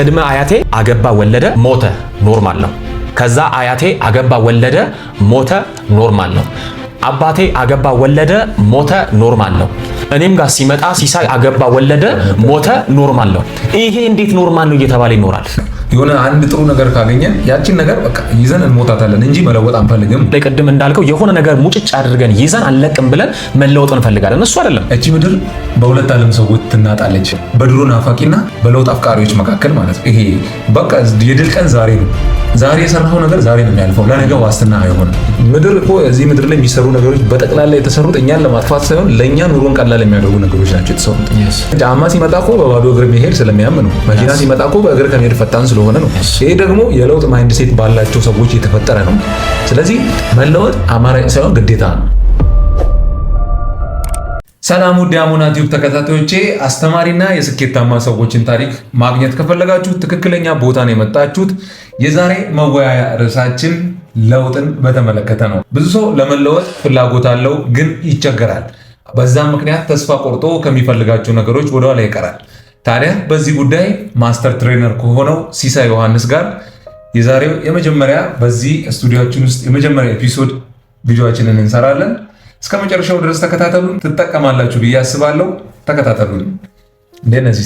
ቅድመ አያቴ አገባ ወለደ ሞተ ኖርማል ነው። ከዛ አያቴ አገባ ወለደ ሞተ ኖርማል ነው። አባቴ አገባ ወለደ ሞተ ኖርማል ነው። እኔም ጋር ሲመጣ ሲሳይ አገባ ወለደ ሞተ ኖርማል ነው። ይሄ እንዴት ኖርማል ነው እየተባለ ይኖራል? የሆነ አንድ ጥሩ ነገር ካገኘን ያችን ነገር በቃ ይዘን እንሞታታለን እንጂ መለወጥ አንፈልግም። ቅድም እንዳልከው የሆነ ነገር ሙጭጭ አድርገን ይዘን አለቅም ብለን መለወጥ እንፈልጋለን። እሱ አይደለም። እቺ ምድር በሁለት ዓለም ሰዎች ትናጣለች፣ በድሮ ናፋቂና በለውጥ አፍቃሪዎች መካከል ማለት ነው። ይሄ በቃ የድል ቀን ዛሬ ነው። ዛሬ የሰራኸው ነገር ዛሬ ነው የሚያልፈው፣ ለነገ ዋስትና አይሆንም። ምድር እኮ እዚህ ምድር ላይ የሚሰሩ ነገሮች በጠቅላላ የተሰሩት እኛን ለማጥፋት ሳይሆን ለእኛ ኑሮን ቀላል የሚያደርጉ ነገሮች ናቸው የተሰሩት። ጫማ ሲመጣ እኮ በባዶ እግር መሄድ ስለሚያምኑ፣ መኪና ሲመጣ እኮ በእግር ከመሄድ ፈጣን ስለ ስለሆነ ነው። ይህ ደግሞ የለውጥ ማይንድ ሴት ባላቸው ሰዎች የተፈጠረ ነው። ስለዚህ መለወጥ አማራጭ ሳይሆን ግዴታ ነው። ሰላም ውድ አሞና ቲዩብ ተከታታዮቼ፣ አስተማሪና የስኬታማ ሰዎችን ታሪክ ማግኘት ከፈለጋችሁ ትክክለኛ ቦታ ነው የመጣችሁት። የዛሬ መወያያ ርዕሳችን ለውጥን በተመለከተ ነው። ብዙ ሰው ለመለወጥ ፍላጎት አለው፣ ግን ይቸገራል። በዛም ምክንያት ተስፋ ቆርጦ ከሚፈልጋቸው ነገሮች ወደኋላ ይቀራል። ታዲያ በዚህ ጉዳይ ማስተር ትሬነር ከሆነው ሲሳ ዮሐንስ ጋር የዛሬው የመጀመሪያ በዚህ ስቱዲዮችን ውስጥ የመጀመሪያ ኤፒሶድ ቪዲዮችንን እንሰራለን። እስከ መጨረሻው ድረስ ተከታተሉን፣ ትጠቀማላችሁ ብዬ አስባለሁ። ተከታተሉን። እንዴት ነህ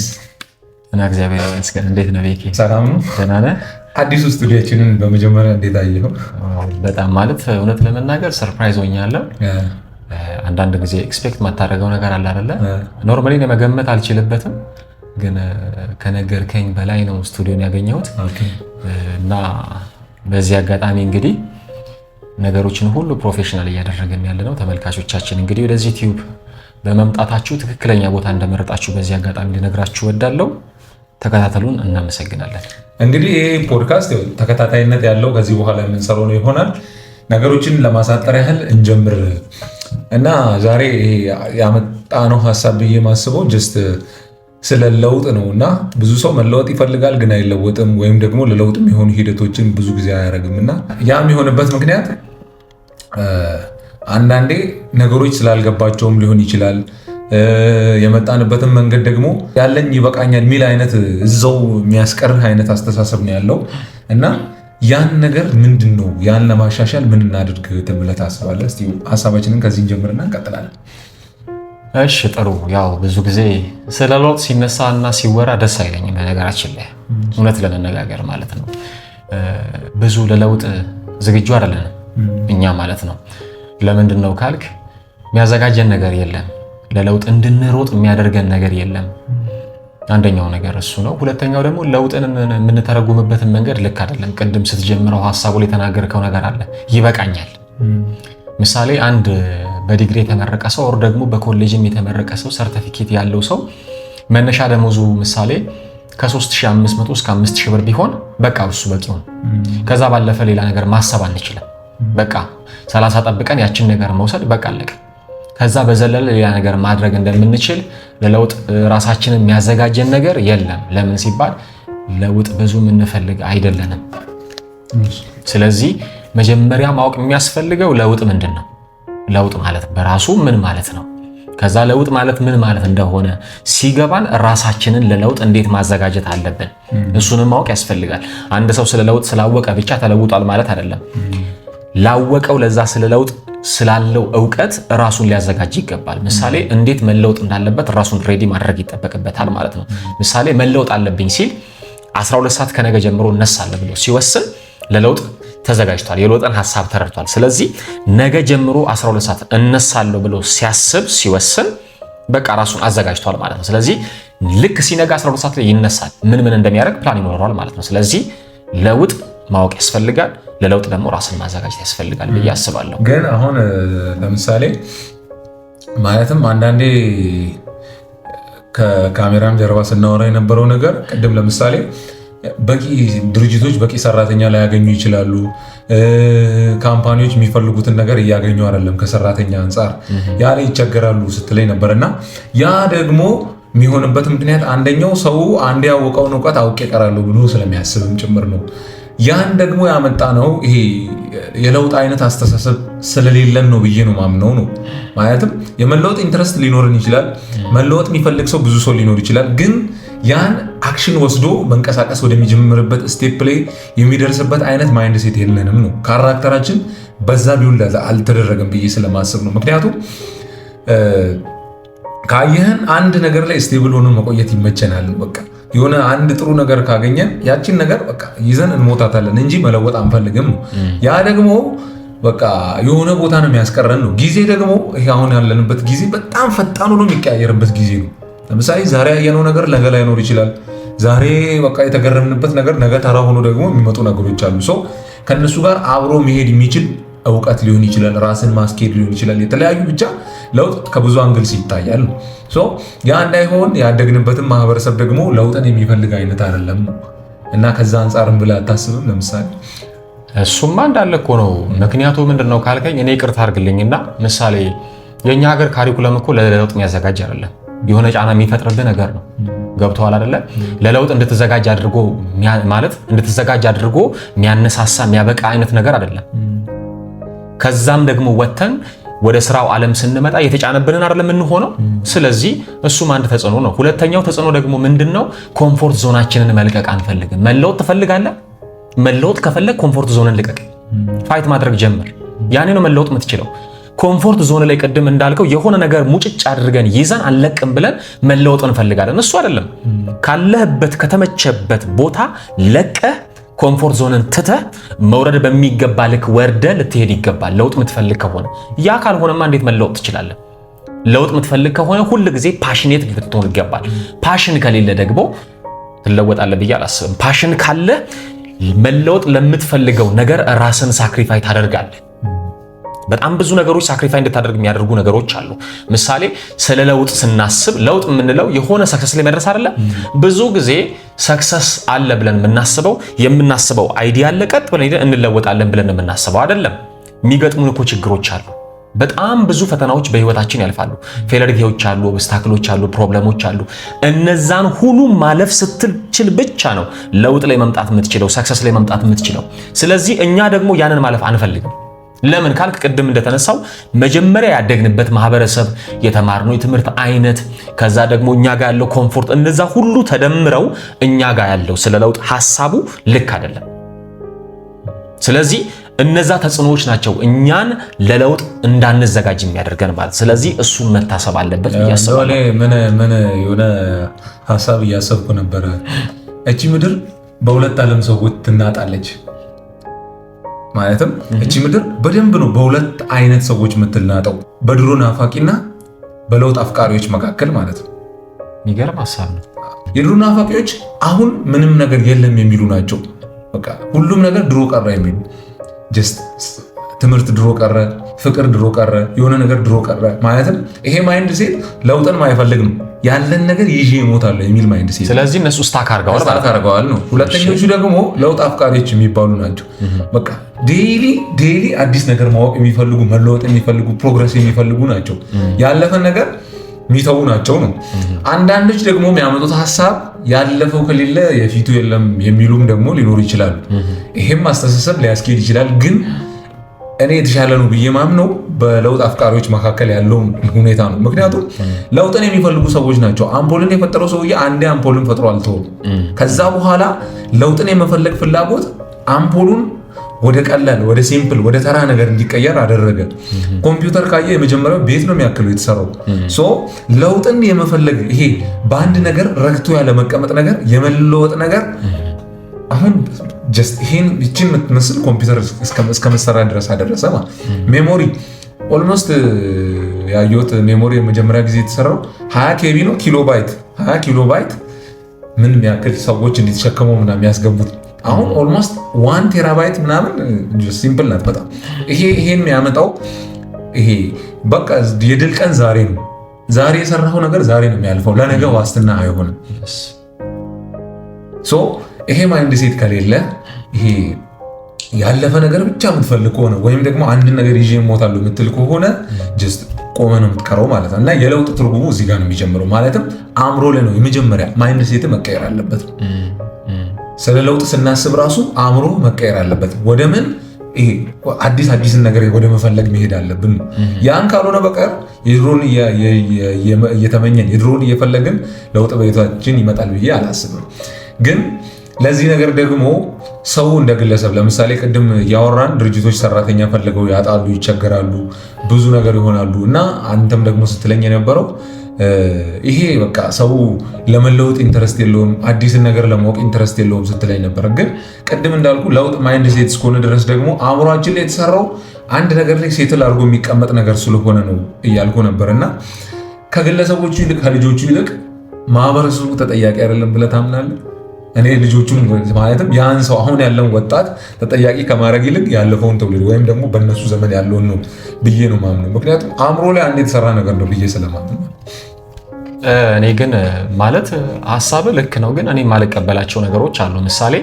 እና እግዚአብሔር ይመስገን። እንዴት ነው ቤኬ? ሰላም ነው? ደህና ነህ? አዲሱ ስቱዲዮችንን በመጀመሪያ እንዴት አየኸው? በጣም ማለት እውነት ለመናገር ሰርፕራይዝ ሆኛለሁ። አንዳንድ ጊዜ ኤክስፔክት የማታደርገው ነገር አለ አይደለ? ኖርማሊ መገመት አልችልበትም ግን ከነገርከኝ በላይ ነው ስቱዲዮን ያገኘሁት እና በዚህ አጋጣሚ እንግዲህ ነገሮችን ሁሉ ፕሮፌሽናል እያደረግን ያለ ነው። ተመልካቾቻችን እንግዲህ ወደዚህ ቲዩብ በመምጣታችሁ ትክክለኛ ቦታ እንደመረጣችሁ በዚህ አጋጣሚ ልነግራችሁ እወዳለሁ። ተከታተሉን፣ እናመሰግናለን። እንግዲህ ይህ ፖድካስት ተከታታይነት ያለው ከዚህ በኋላ የምንሰራው ነው ይሆናል። ነገሮችን ለማሳጠር ያህል እንጀምር እና ዛሬ ያመጣነው ሀሳብ ብዬ ማስበው ጀስት ስለ ለውጥ ነው እና ብዙ ሰው መለወጥ ይፈልጋል ግን አይለወጥም፣ ወይም ደግሞ ለለውጥ የሚሆኑ ሂደቶችን ብዙ ጊዜ አያደርግም እና ያ የሚሆንበት ምክንያት አንዳንዴ ነገሮች ስላልገባቸውም ሊሆን ይችላል። የመጣንበትን መንገድ ደግሞ ያለኝ ይበቃኛል የሚል አይነት እዛው የሚያስቀርህ አይነት አስተሳሰብ ነው ያለው እና ያን ነገር ምንድን ነው ያን ለማሻሻል ምን እናድርግ ብለህ ታስባለህ? እስኪ ሀሳባችንን ከዚህ ጀምርና እንቀጥላለን። እሺ ጥሩ። ያው ብዙ ጊዜ ስለ ለውጥ ሲነሳ እና ሲወራ ደስ አይለኝም። በነገራችን ላይ እውነት ለመነጋገር ማለት ነው ብዙ ለለውጥ ዝግጁ አይደለንም እኛ ማለት ነው። ለምንድን ነው ካልክ የሚያዘጋጀን ነገር የለም። ለለውጥ እንድንሮጥ የሚያደርገን ነገር የለም። አንደኛው ነገር እሱ ነው። ሁለተኛው ደግሞ ለውጥን የምንተረጉምበትን መንገድ ልክ አይደለም። ቅድም ስትጀምረው ሀሳቡ ላይ የተናገርከው ነገር አለ ይበቃኛል። ምሳሌ አንድ በዲግሪ የተመረቀ ሰው ኦር ደግሞ በኮሌጅም የተመረቀ ሰው ሰርተፊኬት ያለው ሰው መነሻ ደሞዙ ምሳሌ ከ3500 እስከ 5000 ብር ቢሆን በቃ እሱ በቂ ነው። ከዛ ባለፈ ሌላ ነገር ማሰብ አንችልም። በቃ 30 ጠብቀን ያችን ነገር መውሰድ በቃ አለቀ። ከዛ በዘለለ ሌላ ነገር ማድረግ እንደምንችል ለለውጥ ራሳችንን የሚያዘጋጀን ነገር የለም። ለምን ሲባል ለውጥ ብዙ የምንፈልግ አይደለንም። ስለዚህ መጀመሪያ ማወቅ የሚያስፈልገው ለውጥ ምንድን ነው? ለውጥ ማለት በራሱ ምን ማለት ነው፣ ከዛ ለውጥ ማለት ምን ማለት እንደሆነ ሲገባን ራሳችንን ለለውጥ እንዴት ማዘጋጀት አለብን፣ እሱንም ማወቅ ያስፈልጋል። አንድ ሰው ስለ ለውጥ ስላወቀ ብቻ ተለውጧል ማለት አይደለም። ላወቀው ለዛ ስለ ለውጥ ስላለው እውቀት ራሱን ሊያዘጋጅ ይገባል። ምሳሌ እንዴት መለውጥ እንዳለበት ራሱን ሬዲ ማድረግ ይጠበቅበታል ማለት ነው። ምሳሌ መለውጥ አለብኝ ሲል 12 ሰዓት ከነገ ጀምሮ እነሳለ ብሎ ሲወስን ለለውጥ ተዘጋጅቷል። የሎጥን ሀሳብ ተረድቷል። ስለዚህ ነገ ጀምሮ 12 ሰዓት እነሳለሁ ብሎ ሲያስብ ሲወስን በቃ ራሱን አዘጋጅቷል ማለት ነው። ስለዚህ ልክ ሲነጋ 12 ሰዓት ላይ ይነሳል። ምን ምን እንደሚያደርግ ፕላን ይኖረዋል ማለት ነው። ስለዚህ ለውጥ ማወቅ ያስፈልጋል። ለለውጥ ደግሞ ራስን ማዘጋጀት ያስፈልጋል ብዬ አስባለሁ። ግን አሁን ለምሳሌ ማለትም አንዳንዴ ከካሜራም ጀርባ ስናወራ የነበረው ነገር ቅድም ለምሳሌ በቂ ድርጅቶች በቂ ሰራተኛ ላያገኙ ይችላሉ። ካምፓኒዎች የሚፈልጉትን ነገር እያገኙ አይደለም ከሰራተኛ አንጻር ያ ላይ ይቸገራሉ ስትለኝ ነበር እና ያ ደግሞ የሚሆንበት ምክንያት አንደኛው ሰው አንድ ያወቀውን እውቀት አውቄ እቀራለሁ ብሎ ስለሚያስብም ጭምር ነው። ያን ደግሞ ያመጣ ነው ይሄ የለውጥ አይነት አስተሳሰብ ስለሌለን ነው ብዬ ነው ማምነው ነው። ማለትም የመለወጥ ኢንትረስት ሊኖርን ይችላል። መለወጥ የሚፈልግ ሰው ብዙ ሰው ሊኖር ይችላል ግን ያን አክሽን ወስዶ መንቀሳቀስ ወደሚጀምርበት ስቴፕ ላይ የሚደርስበት አይነት ማይንድ ሴት የለንም ነው። ካራክተራችን በዛ ቢውል አልተደረገም ብዬ ስለማስብ ነው። ምክንያቱም ካየህን አንድ ነገር ላይ ስቴብል ሆኖ መቆየት ይመቸናል። በቃ የሆነ አንድ ጥሩ ነገር ካገኘን ያችን ነገር በቃ ይዘን እንሞታታለን እንጂ መለወጥ አንፈልግም ነው። ያ ደግሞ በቃ የሆነ ቦታ ነው የሚያስቀረን ነው። ጊዜ ደግሞ ይሄ አሁን ያለንበት ጊዜ በጣም ፈጣን ሆኖ የሚቀያየርበት ጊዜ ነው። ለምሳሌ ዛሬ ያየነው ነገር ነገ ላይኖር ይችላል። ዛሬ በቃ የተገረምንበት ነገር ነገ ተራ ሆኖ ደግሞ የሚመጡ ነገሮች አሉ። ሰው ከእነሱ ጋር አብሮ መሄድ የሚችል እውቀት ሊሆን ይችላል፣ ራስን ማስኬድ ሊሆን ይችላል። የተለያዩ ብቻ ለውጥ ከብዙ አንግልስ ይታያል። ያ እንዳይሆን ያደግንበትን ማህበረሰብ ደግሞ ለውጥን የሚፈልግ አይነት አይደለም እና ከዛ አንጻርም ብለህ አታስብም? ለምሳሌ እሱማ እንዳለ እኮ ነው። ምክንያቱ ምንድን ነው ካልከኝ እኔ ይቅርታ አድርግልኝና ምሳሌ የእኛ ሀገር ካሪኩለም እኮ ለለውጥ የሚያዘጋጅ አይደለም የሆነ ጫና የሚፈጥርብህ ነገር ነው። ገብተዋል አይደለ? ለለውጥ እንድትዘጋጅ አድርጎ ማለት እንድትዘጋጅ አድርጎ የሚያነሳሳ የሚያበቃ አይነት ነገር አይደለም። ከዛም ደግሞ ወጥተን ወደ ስራው ዓለም ስንመጣ የተጫነብንን አይደለም የምንሆነው። ስለዚህ እሱም አንድ ተጽዕኖ ነው። ሁለተኛው ተጽዕኖ ደግሞ ምንድን ነው? ኮምፎርት ዞናችንን መልቀቅ አንፈልግም። መለወጥ ትፈልጋለህ? መለወጥ ከፈለግ ኮምፎርት ዞንን ልቀቅ፣ ፋይት ማድረግ ጀምር። ያኔ ነው መለወጥ የምትችለው። ኮምፎርት ዞን ላይ ቅድም እንዳልከው የሆነ ነገር ሙጭጭ አድርገን ይዘን አለቅም ብለን መለወጥ እንፈልጋለን። እሱ አይደለም። ካለህበት ከተመቸበት ቦታ ለቀህ ኮምፎርት ዞንን ትተህ መውረድ በሚገባ ልክ ወርደ ልትሄድ ይገባል፣ ለውጥ የምትፈልግ ከሆነ። ያ ካልሆነማ እንዴት መለወጥ ትችላለህ? ለውጥ የምትፈልግ ከሆነ ሁል ጊዜ ፓሽኔት ልትሆን ይገባል። ፓሽን ከሌለ ደግሞ ትለወጣለህ ብዬ አላስብም። ፓሽን ካለ መለወጥ ለምትፈልገው ነገር ራስን ሳክሪፋይ ታደርጋለህ። በጣም ብዙ ነገሮች ሳክሪፋይ እንድታደርግ የሚያደርጉ ነገሮች አሉ። ምሳሌ ስለ ለውጥ ስናስብ ለውጥ የምንለው የሆነ ሰክሰስ ላይ መድረስ አይደለም። ብዙ ጊዜ ሰክሰስ አለ ብለን የምናስበው የምናስበው አይዲያ አለ፣ ቀጥ ብለን እንለወጣለን ብለን የምናስበው አይደለም። የሚገጥሙን እኮ ችግሮች አሉ። በጣም ብዙ ፈተናዎች በህይወታችን ያልፋሉ። ፌለርጌዎች አሉ፣ ኦብስታክሎች አሉ፣ ፕሮብለሞች አሉ። እነዛን ሁሉ ማለፍ ስትችል ብቻ ነው ለውጥ ላይ መምጣት የምትችለው፣ ሰክሰስ ላይ መምጣት የምትችለው። ስለዚህ እኛ ደግሞ ያንን ማለፍ አንፈልግም። ለምን ካልክ ቅድም እንደተነሳው መጀመሪያ ያደግንበት ማህበረሰብ፣ የተማርነው የትምህርት አይነት፣ ከዛ ደግሞ እኛ ጋር ያለው ኮምፎርት፣ እነዛ ሁሉ ተደምረው እኛ ጋር ያለው ስለ ለውጥ ሀሳቡ ልክ አይደለም። ስለዚህ እነዛ ተጽዕኖዎች ናቸው እኛን ለለውጥ እንዳንዘጋጅ የሚያደርገን ማለት። ስለዚህ እሱም መታሰብ አለበት ብያስባለሁ። ምን የሆነ ሀሳብ እያሰብኩ ነበረ። እቺ ምድር በሁለት ዓለም ሰዎች ትናጣለች። ማለትም እቺ ምድር በደንብ ነው በሁለት አይነት ሰዎች የምትናጠው፣ በድሮ ናፋቂና በለውጥ አፍቃሪዎች መካከል ማለት ነው። የሚገርም ሀሳብ ነው። የድሮ ናፋቂዎች አሁን ምንም ነገር የለም የሚሉ ናቸው። በቃ ሁሉም ነገር ድሮ ቀረ የሚሉ ትምህርት ድሮ ቀረ፣ ፍቅር ድሮ ቀረ፣ የሆነ ነገር ድሮ ቀረ። ማለትም ይሄ ማይንድ ሴት ለውጥን ማይፈልግ ነው። ያለን ነገር ይዤ እሞታለሁ የሚል ማይንድ ሴት። ስለዚህ እነሱ ስታክ አድርገዋል ነው። ሁለተኞቹ ደግሞ ለውጥ አፍቃሪዎች የሚባሉ ናቸው። በቃ ዴይሊ ዴይሊ አዲስ ነገር ማወቅ የሚፈልጉ መለወጥ የሚፈልጉ ፕሮግረስ የሚፈልጉ ናቸው። ያለፈን ነገር የሚተዉ ናቸው ነው። አንዳንዶች ደግሞ የሚያመጡት ሀሳብ ያለፈው ከሌለ የፊቱ የለም የሚሉም ደግሞ ሊኖሩ ይችላሉ። ይሄም አስተሳሰብ ሊያስኬድ ይችላል። ግን እኔ የተሻለ ነው ብዬ ማምነው በለውጥ አፍቃሪዎች መካከል ያለውም ሁኔታ ነው። ምክንያቱም ለውጥን የሚፈልጉ ሰዎች ናቸው። አምፖልን የፈጠረው ሰውዬ አንዴ አምፖልን ፈጥሮ አልተወም። ከዛ በኋላ ለውጥን የመፈለግ ፍላጎት አምፖሉን ወደ ቀላል ወደ ሲምፕል ወደ ተራ ነገር እንዲቀየር አደረገ። ኮምፒውተር ካየ የመጀመሪያው ቤት ነው የሚያክለው የተሰራው። ሶ ለውጥን የመፈለግ ይሄ በአንድ ነገር ረግቶ ያለመቀመጥ ነገር የመለወጥ ነገር አሁን ጀስት ይሄን ይቺ የምትመስል ኮምፒውተር እስከ መሰራ ድረስ አደረሰ። ሜሞሪ ኦልሞስት ያየሁት ሜሞሪ የመጀመሪያ ጊዜ የተሰራው ሀያ ኬቢ ነው ኪሎባይት ሀያ ኪሎባይት ምን ሚያክል ሰዎች እንዲተሸከመው ምናምን የሚያስገቡት አሁን ኦልሞስት ዋን ቴራባይት ምናምን ሲምፕል ናት በጣም ይሄ ይሄን የሚያመጣው ይሄ በቃ የድል ቀን ዛሬ ነው። ዛሬ የሰራው ነገር ዛሬ ነው የሚያልፈው፣ ለነገ ዋስትና አይሆንም። ሶ ይሄ ማይንድ ሴት ከሌለ ይሄ ያለፈ ነገር ብቻ የምትፈልግ ከሆነ ወይም ደግሞ አንድ ነገር ይዤ እሞታለሁ የምትል ከሆነ ጀስት mm. ቆመ ነው የምትቀረው ማለት ነው። እና የለውጥ ትርጉሙ እዚህ ጋር ነው የሚጀምረው። ማለትም አእምሮ ላይ ነው የመጀመሪያ ማይንድ ሴት መቀየር አለበት። mm. Mm. ስለ ለውጥ ስናስብ ራሱ አእምሮ መቀየር አለበት። ወደ ምን አዲስ አዲስን ነገር ወደ መፈለግ መሄድ አለብን። ያን ካልሆነ በቀር የድሮን እየተመኘን የድሮን እየፈለግን ለውጥ በቤታችን ይመጣል ብዬ አላስብም። ግን ለዚህ ነገር ደግሞ ሰው እንደ ግለሰብ ለምሳሌ ቅድም ያወራን ድርጅቶች ሰራተኛ ፈልገው ያጣሉ፣ ይቸገራሉ፣ ብዙ ነገር ይሆናሉ እና አንተም ደግሞ ስትለኝ የነበረው ይሄ በቃ ሰው ለመለወጥ ኢንተረስት የለውም፣ አዲስን ነገር ለማወቅ ኢንተረስት የለውም ስትለኝ ነበር። ግን ቅድም እንዳልኩ ለውጥ ማይንድ ሴት እስከሆነ ድረስ ደግሞ አእምሯችን ላይ የተሰራው አንድ ነገር ላይ ሴትል አድርጎ የሚቀመጥ ነገር ስለሆነ ነው እያልኩ ነበር እና ከግለሰቦቹ ይልቅ ከልጆቹ ይልቅ ማህበረሰቡ ተጠያቂ አይደለም ብለህ ታምናለህ? እኔ ልጆቹን ማለትም ያን ሰው አሁን ያለውን ወጣት ተጠያቂ ከማድረግ ይልቅ ያለፈውን ትውልድ ወይም ደግሞ በእነሱ ዘመን ያለውን ነው ብዬ ነው ማምነው። ምክንያቱም አእምሮ ላይ አንድ የተሰራ ነገር ነው ብዬ ስለማምን እኔ ግን ማለት ሀሳብ ልክ ነው፣ ግን እኔ የማልቀበላቸው ነገሮች አሉ። ምሳሌ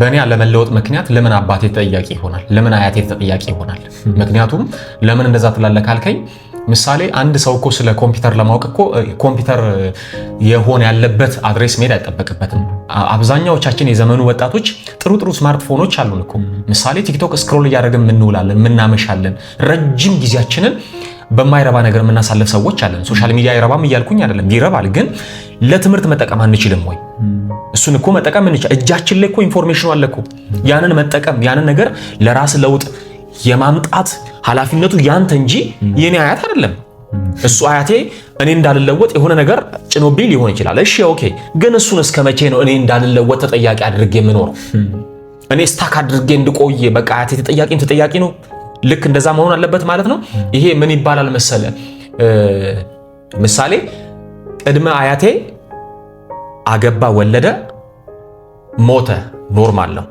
በእኔ ለመለወጥ ምክንያት ለምን አባቴ ተጠያቂ ይሆናል? ለምን አያቴ ተጠያቂ ይሆናል? ምክንያቱም ለምን እንደዛ ትላለህ ካልከኝ ምሳሌ አንድ ሰው እኮ ስለ ኮምፒውተር ለማወቅ እኮ ኮምፒውተር የሆነ ያለበት አድሬስ መሄድ አይጠበቅበትም። አብዛኛዎቻችን የዘመኑ ወጣቶች ጥሩ ጥሩ ስማርትፎኖች አሉን እኮ ምሳሌ ቲክቶክ ስክሮል እያደረግን የምንውላለን፣ የምናመሻለን ረጅም ጊዜያችንን በማይረባ ነገር የምናሳልፍ ሰዎች አለን። ሶሻል ሚዲያ አይረባም እያልኩኝ አይደለም፣ ይረባል። ግን ለትምህርት መጠቀም አንችልም ወይ? እሱን እኮ መጠቀም እንችል። እጃችን ላይ እኮ ኢንፎርሜሽኑ አለ እኮ ያንን መጠቀም ያንን ነገር ለራስ ለውጥ የማምጣት ኃላፊነቱ ያንተ እንጂ የኔ አያት አይደለም። እሱ አያቴ እኔ እንዳልለወጥ የሆነ ነገር ጭኖብኝ ሊሆን ይችላል። እሺ ኦኬ። ግን እሱን እስከ መቼ ነው እኔ እንዳልለወጥ ተጠያቂ አድርጌ የምኖረው? እኔ ስታክ አድርጌ እንድቆይ በቃ አያቴ ተጠያቂ ተጠያቂ ነው። ልክ እንደዛ መሆን አለበት ማለት ነው። ይሄ ምን ይባላል መሰለ፣ ምሳሌ ቅድመ አያቴ አገባ፣ ወለደ፣ ሞተ፣ ኖርማል ነው።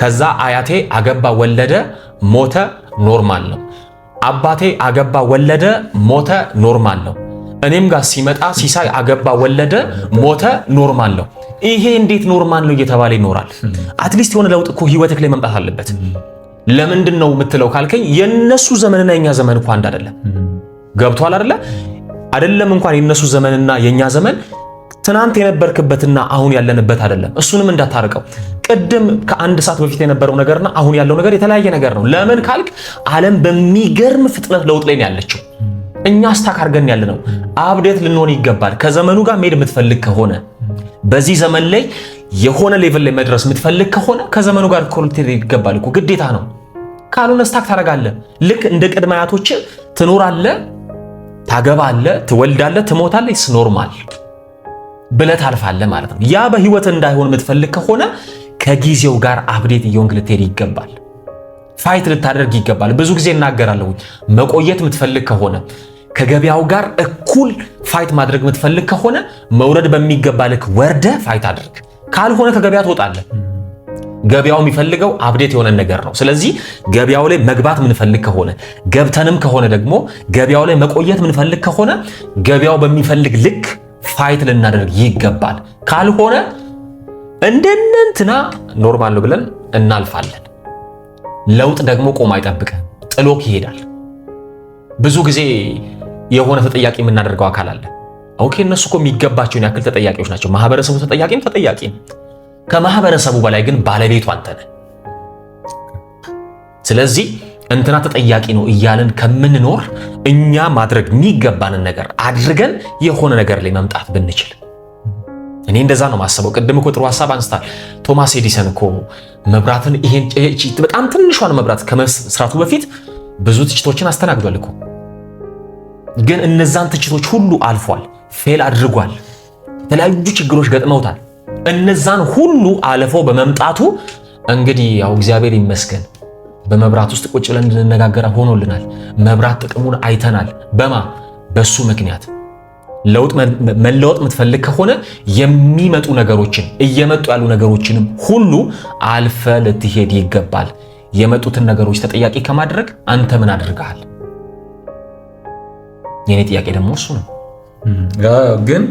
ከዛ አያቴ አገባ ወለደ ሞተ ኖርማል ነው። አባቴ አገባ ወለደ ሞተ ኖርማል ነው። እኔም ጋር ሲመጣ ሲሳይ አገባ ወለደ ሞተ ኖርማል ነው። ይሄ እንዴት ኖርማል ነው እየተባለ ይኖራል? አትሊስት የሆነ ለውጥ እኮ ህይወትክ ላይ መምጣት አለበት። ለምንድን ነው የምትለው ካልከኝ የእነሱ ዘመንና የእኛ ዘመን እኳ አንድ አይደለም። ገብቷል አይደለ? አይደለም እንኳን የእነሱ ዘመንና የእኛ ዘመን ትናንት የነበርክበትና አሁን ያለንበት አይደለም። እሱንም እንዳታርቀው። ቅድም ከአንድ ሰዓት በፊት የነበረው ነገርና አሁን ያለው ነገር የተለያየ ነገር ነው። ለምን ካልክ ዓለም በሚገርም ፍጥነት ለውጥ ላይ ነው ያለችው። እኛ ስታክ ያለ ነው። አብዴት ልንሆን ይገባል። ከዘመኑ ጋር መሄድ የምትፈልግ ከሆነ በዚህ ዘመን ላይ የሆነ ሌቭል ላይ መድረስ የምትፈልግ ከሆነ ከዘመኑ ጋር ኮሌክቴድ ይገባል እኮ ግዴታ ነው። ካልሆነ ስታክ ታደርጋለህ። ልክ እንደ ቅድመ አያቶች ትኖራለህ፣ ታገባለህ፣ ትወልዳለህ፣ ትሞታለህ። ይስ ኖርማል ብለህ ታልፋለህ ማለት ነው። ያ በህይወት እንዳይሆን የምትፈልግ ከሆነ ከጊዜው ጋር አብዴት እየሆንክ ልትሄድ ይገባል። ፋይት ልታደርግ ይገባል። ብዙ ጊዜ እናገራለሁ። መቆየት የምትፈልግ ከሆነ ከገበያው ጋር እኩል ፋይት ማድረግ የምትፈልግ ከሆነ መውረድ በሚገባ ልክ ወርደ ፋይት አድርግ። ካልሆነ ከገበያ ትወጣለህ። ገበያው የሚፈልገው አብዴት የሆነ ነገር ነው። ስለዚህ ገበያው ላይ መግባት ምንፈልግ ከሆነ ገብተንም ከሆነ ደግሞ ገበያው ላይ መቆየት ምንፈልግ ከሆነ ገበያው በሚፈልግ ልክ ፋይት ልናደርግ ይገባል። ካልሆነ እንደነንትና ኖርማል ነው ብለን እናልፋለን። ለውጥ ደግሞ ቆም አይጠብቅም፣ ጥሎክ ይሄዳል። ብዙ ጊዜ የሆነ ተጠያቂ የምናደርገው አካል አለ። ኦኬ እነሱ እኮ የሚገባቸውን ያክል ተጠያቂዎች ናቸው። ማህበረሰቡ ተጠያቂም ተጠያቂ ከማህበረሰቡ በላይ ግን ባለቤቱ አንተ ነህ። ስለዚህ እንትና ተጠያቂ ነው እያልን ከምንኖር እኛ ማድረግ የሚገባንን ነገር አድርገን የሆነ ነገር ላይ መምጣት ብንችል እኔ እንደዛ ነው ማሰበው። ቅድም እኮ ጥሩ ሀሳብ አንስታል። ቶማስ ኤዲሰን እኮ መብራትን ይሄን በጣም ትንሿን መብራት ከመስራቱ በፊት ብዙ ትችቶችን አስተናግዷል እኮ ግን እነዛን ትችቶች ሁሉ አልፏል። ፌል አድርጓል። የተለያዩ ችግሮች ገጥመውታል። እነዛን ሁሉ አልፎ በመምጣቱ እንግዲህ ያው እግዚአብሔር ይመስገን በመብራት ውስጥ ቁጭ ብለን እንድንነጋገር ሆኖልናል። መብራት ጥቅሙን አይተናል። በማ በሱ ምክንያት ለውጥ መለወጥ የምትፈልግ ከሆነ የሚመጡ ነገሮችን እየመጡ ያሉ ነገሮችንም ሁሉ አልፈ ልትሄድ ይገባል። የመጡትን ነገሮች ተጠያቂ ከማድረግ አንተ ምን አድርገሃል? የኔ ጥያቄ ደግሞ እሱ ነው ግን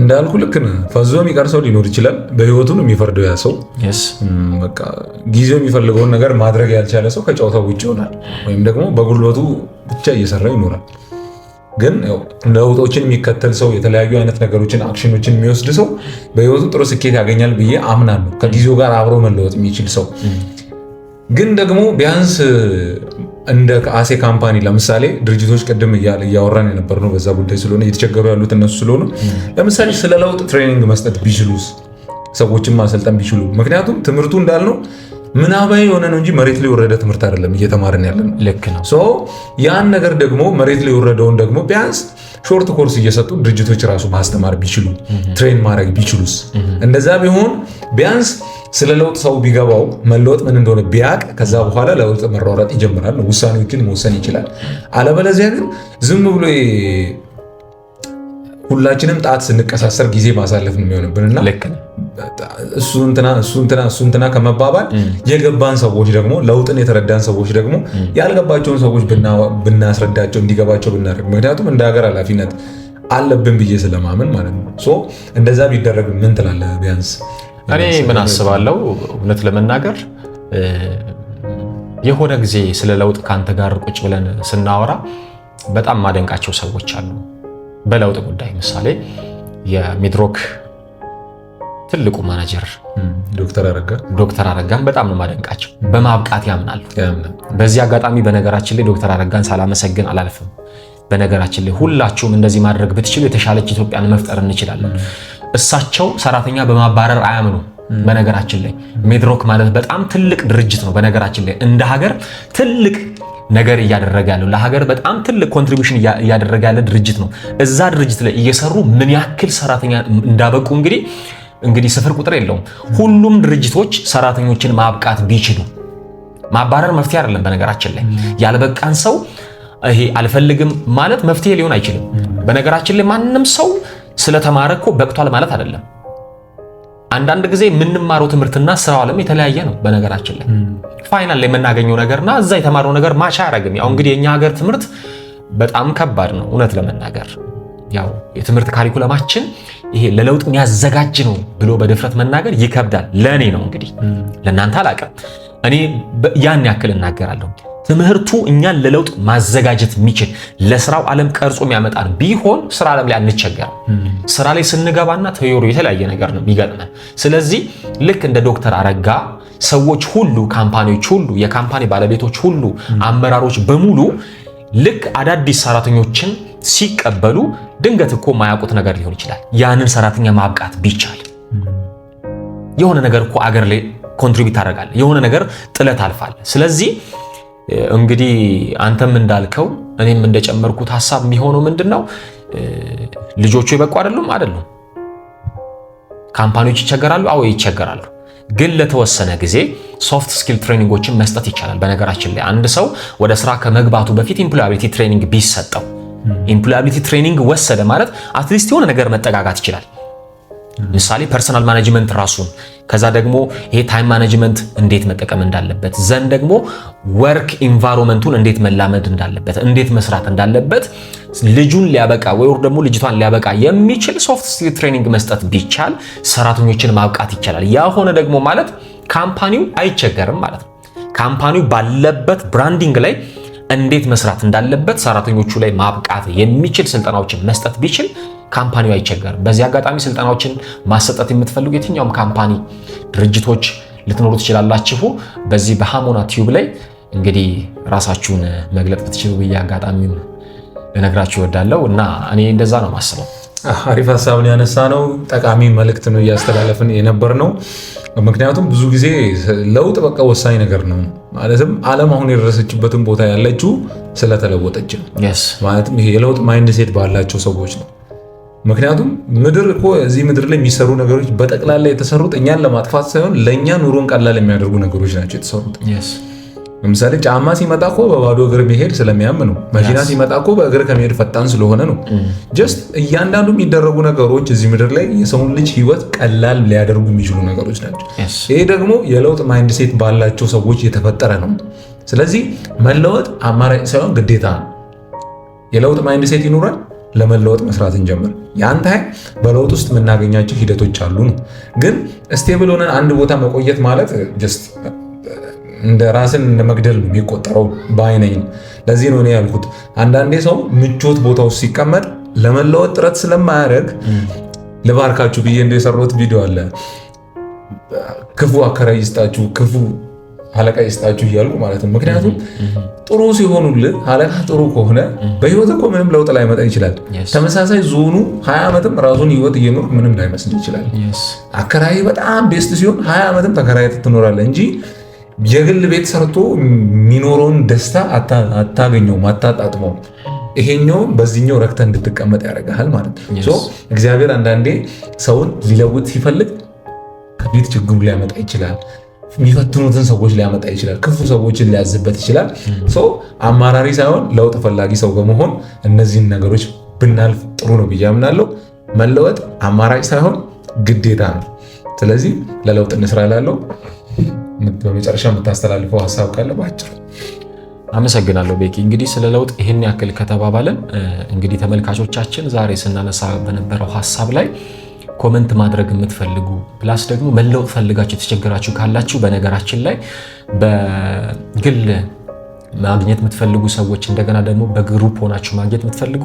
እንዳልኩ ልክ ነህ። ፈዞ የሚቀር ሰው ሊኖር ይችላል። በህይወቱ የሚፈርደው ያ ሰው በቃ ጊዜው የሚፈልገውን ነገር ማድረግ ያልቻለ ሰው ከጨዋታው ውጭ ይሆናል፣ ወይም ደግሞ በጉልበቱ ብቻ እየሰራ ይኖራል። ግን ለውጦችን የሚከተል ሰው፣ የተለያዩ አይነት ነገሮችን አክሽኖችን የሚወስድ ሰው በህይወቱ ጥሩ ስኬት ያገኛል ብዬ አምናለሁ። ከጊዜው ጋር አብሮ መለወጥ የሚችል ሰው ግን ደግሞ ቢያንስ እንደ አሴ ካምፓኒ ለምሳሌ ድርጅቶች ቅድም እያወራን የነበር ነው በዛ ጉዳይ ስለሆነ እየተቸገሩ ያሉት እነሱ ስለሆኑ ለምሳሌ ስለ ለውጥ ትሬኒንግ መስጠት ቢችሉስ ሰዎችን ማሰልጠን ቢችሉ ምክንያቱም ትምህርቱ እንዳልነው ምናባዊ የሆነ ነው እንጂ መሬት ላይ ወረደ ትምህርት አይደለም እየተማርን ያለ ነው። ልክ ነው። ሶ ያን ነገር ደግሞ መሬት ላይ የወረደውን ደግሞ ቢያንስ ሾርት ኮርስ እየሰጡ ድርጅቶች ራሱ ማስተማር ቢችሉ ትሬን ማድረግ ቢችሉስ፣ እንደዛ ቢሆን ቢያንስ ስለ ለውጥ ሰው ቢገባው መለወጥ ምን እንደሆነ ቢያቅ ከዛ በኋላ ለውጥ መሯረጥ ይጀምራል፣ ውሳኔዎችን መወሰን ይችላል። አለበለዚያ ግን ዝም ብሎ ሁላችንም ጣት ስንቀሳሰር ጊዜ ማሳለፍ ነው የሚሆንብን እና እሱ እንትና እሱ እንትና ከመባባል የገባን ሰዎች ደግሞ ለውጥን የተረዳን ሰዎች ደግሞ ያልገባቸውን ሰዎች ብናስረዳቸው እንዲገባቸው ብናደርግ ምክንያቱም እንደ ሀገር ኃላፊነት አለብን ብዬ ስለማምን ማለት ነው። ሶ እንደዛ ቢደረግ ምን ትላለህ? ቢያንስ እኔ ምን አስባለው፣ እውነት ለመናገር የሆነ ጊዜ ስለ ለውጥ ከአንተ ጋር ቁጭ ብለን ስናወራ በጣም ማደንቃቸው ሰዎች አሉ። በለውጥ ጉዳይ ምሳሌ የሚድሮክ ትልቁ ማናጀር ዶክተር አረጋ ዶክተር አረጋን በጣም ነው ማደንቃቸው። በማብቃት ያምናሉ። በዚህ አጋጣሚ በነገራችን ላይ ዶክተር አረጋን ሳላመሰግን አላልፍም። በነገራችን ላይ ሁላችሁም እንደዚህ ማድረግ ብትችሉ የተሻለች ኢትዮጵያን መፍጠር እንችላለን። እሳቸው ሰራተኛ በማባረር አያምኑ። በነገራችን ላይ ሜድሮክ ማለት በጣም ትልቅ ድርጅት ነው። በነገራችን ላይ እንደ ሀገር ትልቅ ነገር እያደረገ ያለው ለሀገር በጣም ትልቅ ኮንትሪቢሽን እያደረገ ያለ ድርጅት ነው። እዛ ድርጅት ላይ እየሰሩ ምን ያክል ሰራተኛ እንዳበቁ እንግዲህ እንግዲህ ስፍር ቁጥር የለውም። ሁሉም ድርጅቶች ሰራተኞችን ማብቃት ቢችሉ ማባረር መፍትሄ አይደለም። በነገራችን ላይ ያልበቃን ሰው ይሄ አልፈልግም ማለት መፍትሄ ሊሆን አይችልም። በነገራችን ላይ ማንም ሰው ስለተማረ እኮ በቅቷል ማለት አይደለም። አንዳንድ ጊዜ የምንማረው ትምህርትና ስራው ዓለም የተለያየ ነው። በነገራችን ላይ ፋይናል የምናገኘው ነገርና እዛ የተማረው ነገር ማቻ አያደርግም። ያው እንግዲህ የእኛ ሀገር ትምህርት በጣም ከባድ ነው እውነት ለመናገር ያው የትምህርት ካሪኩለማችን ይሄ ለለውጥ የሚያዘጋጅ ነው ብሎ በድፍረት መናገር ይከብዳል። ለእኔ ነው እንግዲህ ለእናንተ አላውቅም። እኔ ያን ያክል እናገራለሁ። ትምህርቱ እኛን ለለውጥ ማዘጋጀት የሚችል ለስራው ዓለም ቀርጾ የሚያመጣን ቢሆን ስራ ዓለም ላይ አንቸገርም። ስራ ላይ ስንገባና ተዮሮ የተለያየ ነገር ነው የሚገጥመን። ስለዚህ ልክ እንደ ዶክተር አረጋ ሰዎች ሁሉ፣ ካምፓኒዎች ሁሉ፣ የካምፓኒ ባለቤቶች ሁሉ፣ አመራሮች በሙሉ ልክ አዳዲስ ሰራተኞችን ሲቀበሉ ድንገት እኮ ማያውቁት ነገር ሊሆን ይችላል። ያንን ሰራተኛ ማብቃት ቢቻል የሆነ ነገር እኮ አገር ላይ ኮንትሪቢዩት ታደርጋለህ፣ የሆነ ነገር ጥለት አልፋለህ። ስለዚህ እንግዲህ አንተም እንዳልከው እኔም እንደጨመርኩት ሀሳብ የሚሆነው ምንድን ነው፣ ልጆቹ የበቁ አይደሉም አይደሉም። ካምፓኒዎች ይቸገራሉ፣ አዎ ይቸገራሉ። ግን ለተወሰነ ጊዜ ሶፍት ስኪል ትሬኒንጎችን መስጠት ይቻላል። በነገራችን ላይ አንድ ሰው ወደ ስራ ከመግባቱ በፊት ኢምፕሎያቢሊቲ ትሬኒንግ ቢሰጠው፣ ኢምፕሎያቢሊቲ ትሬኒንግ ወሰደ ማለት አትሊስት የሆነ ነገር መጠጋጋት ይችላል። ምሳሌ ፐርሰናል ማኔጅመንት ራሱን ከዛ ደግሞ ይሄ ታይም ማኔጅመንት እንዴት መጠቀም እንዳለበት ዘንድ ደግሞ ወርክ ኢንቫይሮንመንቱን እንዴት መላመድ እንዳለበት እንዴት መስራት እንዳለበት ልጁን ሊያበቃ ወይ ደግሞ ልጅቷን ሊያበቃ የሚችል ሶፍት ስኪል ትሬኒንግ መስጠት ቢቻል ሰራተኞችን ማብቃት ይቻላል። ያ ሆነ ደግሞ ማለት ካምፓኒው አይቸገርም ማለት ነው። ካምፓኒው ባለበት ብራንዲንግ ላይ እንዴት መስራት እንዳለበት ሰራተኞቹ ላይ ማብቃት የሚችል ስልጠናዎችን መስጠት ቢችል ካምፓኒው አይቸገርም። በዚህ አጋጣሚ ስልጠናዎችን ማሰጠት የምትፈልጉ የትኛውም ካምፓኒ ድርጅቶች ልትኖሩ ትችላላችሁ። በዚህ በሃሞና ቲዩብ ላይ እንግዲህ ራሳችሁን መግለጥ ብትችሉ ብዬ አጋጣሚውን ልነግራችሁ እወዳለሁ እና እኔ እንደዛ ነው ማስበው። አሪፍ ሀሳብን ያነሳ ነው። ጠቃሚ መልእክት ነው እያስተላለፍን የነበር ነው። ምክንያቱም ብዙ ጊዜ ለውጥ በቃ ወሳኝ ነገር ነው። ማለትም ዓለም አሁን የደረሰችበትን ቦታ ያለችው ስለተለወጠች ነው። ማለትም ይሄ የለውጥ ማይንድ ሴት ባላቸው ሰዎች ነው። ምክንያቱም ምድር እኮ እዚህ ምድር ላይ የሚሰሩ ነገሮች በጠቅላላ የተሰሩት እኛን ለማጥፋት ሳይሆን ለእኛ ኑሮን ቀላል የሚያደርጉ ነገሮች ናቸው የተሰሩት። ለምሳሌ ጫማ ሲመጣ እኮ በባዶ እግር መሄድ ስለሚያም ነው። መኪና ሲመጣ እኮ በእግር ከመሄድ ፈጣን ስለሆነ ነው። ጀስት mm. እያንዳንዱ የሚደረጉ ነገሮች እዚህ ምድር ላይ የሰውን ልጅ ሕይወት ቀላል ሊያደርጉ የሚችሉ ነገሮች ናቸው። ይሄ ደግሞ የለውጥ ማይንድ ሴት ባላቸው ሰዎች የተፈጠረ ነው። ስለዚህ መለወጥ አማራጭ ሳይሆን ግዴታ ነው። የለውጥ ማይንድ ሴት ይኑራል። ለመለወጥ መስራትን እንጀምር። የአንተ ሀይ በለውጥ ውስጥ የምናገኛቸው ሂደቶች አሉ ነው። ግን ስቴብል ሆነን አንድ ቦታ መቆየት ማለት ጀስት እንደ ራስን እንደ መግደል የሚቆጠረው በአይነኝ። ነው። ለዚህ ነው እኔ ያልኩት አንዳንዴ ሰው ምቾት ቦታ ውስጥ ሲቀመጥ ለመለወጥ ጥረት ስለማያደርግ ልባርካችሁ ብዬ እንደ የሰሩት ቪዲዮ አለ ክፉ አከራይ ይስጣችሁ ክፉ አለቃ ይስጣችሁ እያልኩ ማለት ነው። ምክንያቱም ጥሩ ሲሆኑልህ አለቃ ጥሩ ከሆነ በህይወት እኮ ምንም ለውጥ ላይመጣ ይችላል። ተመሳሳይ ዞኑ ሀያ ዓመትም ራሱን ህይወት እየኖር ምንም ላይመስል ይችላል። አከራይ በጣም ቤስት ሲሆን ሀያ ዓመትም ተከራይ ትኖራለህ እንጂ የግል ቤት ሰርቶ የሚኖረውን ደስታ አታገኘውም፣ አታጣጥመውም። ይሄኛው በዚህኛው ረክተ እንድትቀመጥ ያደርግሃል ማለት ነው። እግዚአብሔር አንዳንዴ ሰውን ሊለውጥ ሲፈልግ ከቤት ችግሩ ሊያመጣ ይችላል። የሚፈትኑትን ሰዎች ሊያመጣ ይችላል። ክፉ ሰዎችን ሊያዝበት ይችላል። አማራሪ ሳይሆን ለውጥ ፈላጊ ሰው በመሆን እነዚህን ነገሮች ብናልፍ ጥሩ ነው ብዬ አምናለሁ። መለወጥ አማራጭ ሳይሆን ግዴታ ነው። ስለዚህ ለለውጥ እንስራ እላለሁ። በመጨረሻ የምታስተላልፈው ሀሳብ ካለ በአጭሩ አመሰግናለሁ ቤኪ። እንግዲህ ስለ ለውጥ ይህን ያክል ከተባባለን እንግዲህ ተመልካቾቻችን ዛሬ ስናነሳ በነበረው ሀሳብ ላይ ኮመንት ማድረግ የምትፈልጉ ፕላስ ደግሞ መለወጥ ፈልጋችሁ የተቸገራችሁ ካላችሁ በነገራችን ላይ በግል ማግኘት የምትፈልጉ ሰዎች እንደገና ደግሞ በግሩፕ ሆናችሁ ማግኘት የምትፈልጉ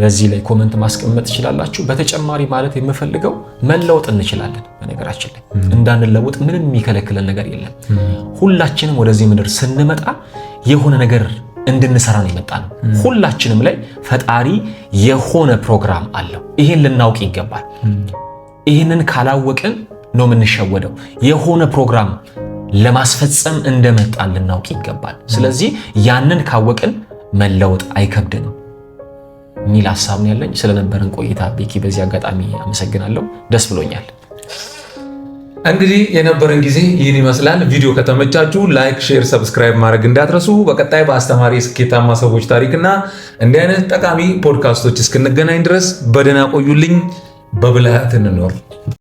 በዚህ ላይ ኮመንት ማስቀመጥ ትችላላችሁ። በተጨማሪ ማለት የምፈልገው መለወጥ እንችላለን። በነገራችን ላይ እንዳንለወጥ ምንም የሚከለክለን ነገር የለም። ሁላችንም ወደዚህ ምድር ስንመጣ የሆነ ነገር እንድንሰራ ነው የመጣ ነው። ሁላችንም ላይ ፈጣሪ የሆነ ፕሮግራም አለው። ይሄን ልናውቅ ይገባል። ይህንን ካላወቅን ነው የምንሸወደው። የሆነ ፕሮግራም ለማስፈጸም እንደመጣን ልናውቅ ይገባል። ስለዚህ ያንን ካወቅን መለወጥ አይከብድንም የሚል ሀሳብ ነው ያለኝ። ስለነበረን ቆይታ ቤኪ በዚህ አጋጣሚ አመሰግናለሁ። ደስ ብሎኛል። እንግዲህ የነበረን ጊዜ ይህን ይመስላል። ቪዲዮ ከተመቻችሁ ላይክ፣ ሼር፣ ሰብስክራይብ ማድረግ እንዳትረሱ። በቀጣይ በአስተማሪ የስኬታማ ሰዎች ታሪክና እንዲህ አይነት ጠቃሚ ፖድካስቶች እስክንገናኝ ድረስ በደህና ቆዩልኝ። በብልሃት እንኖር።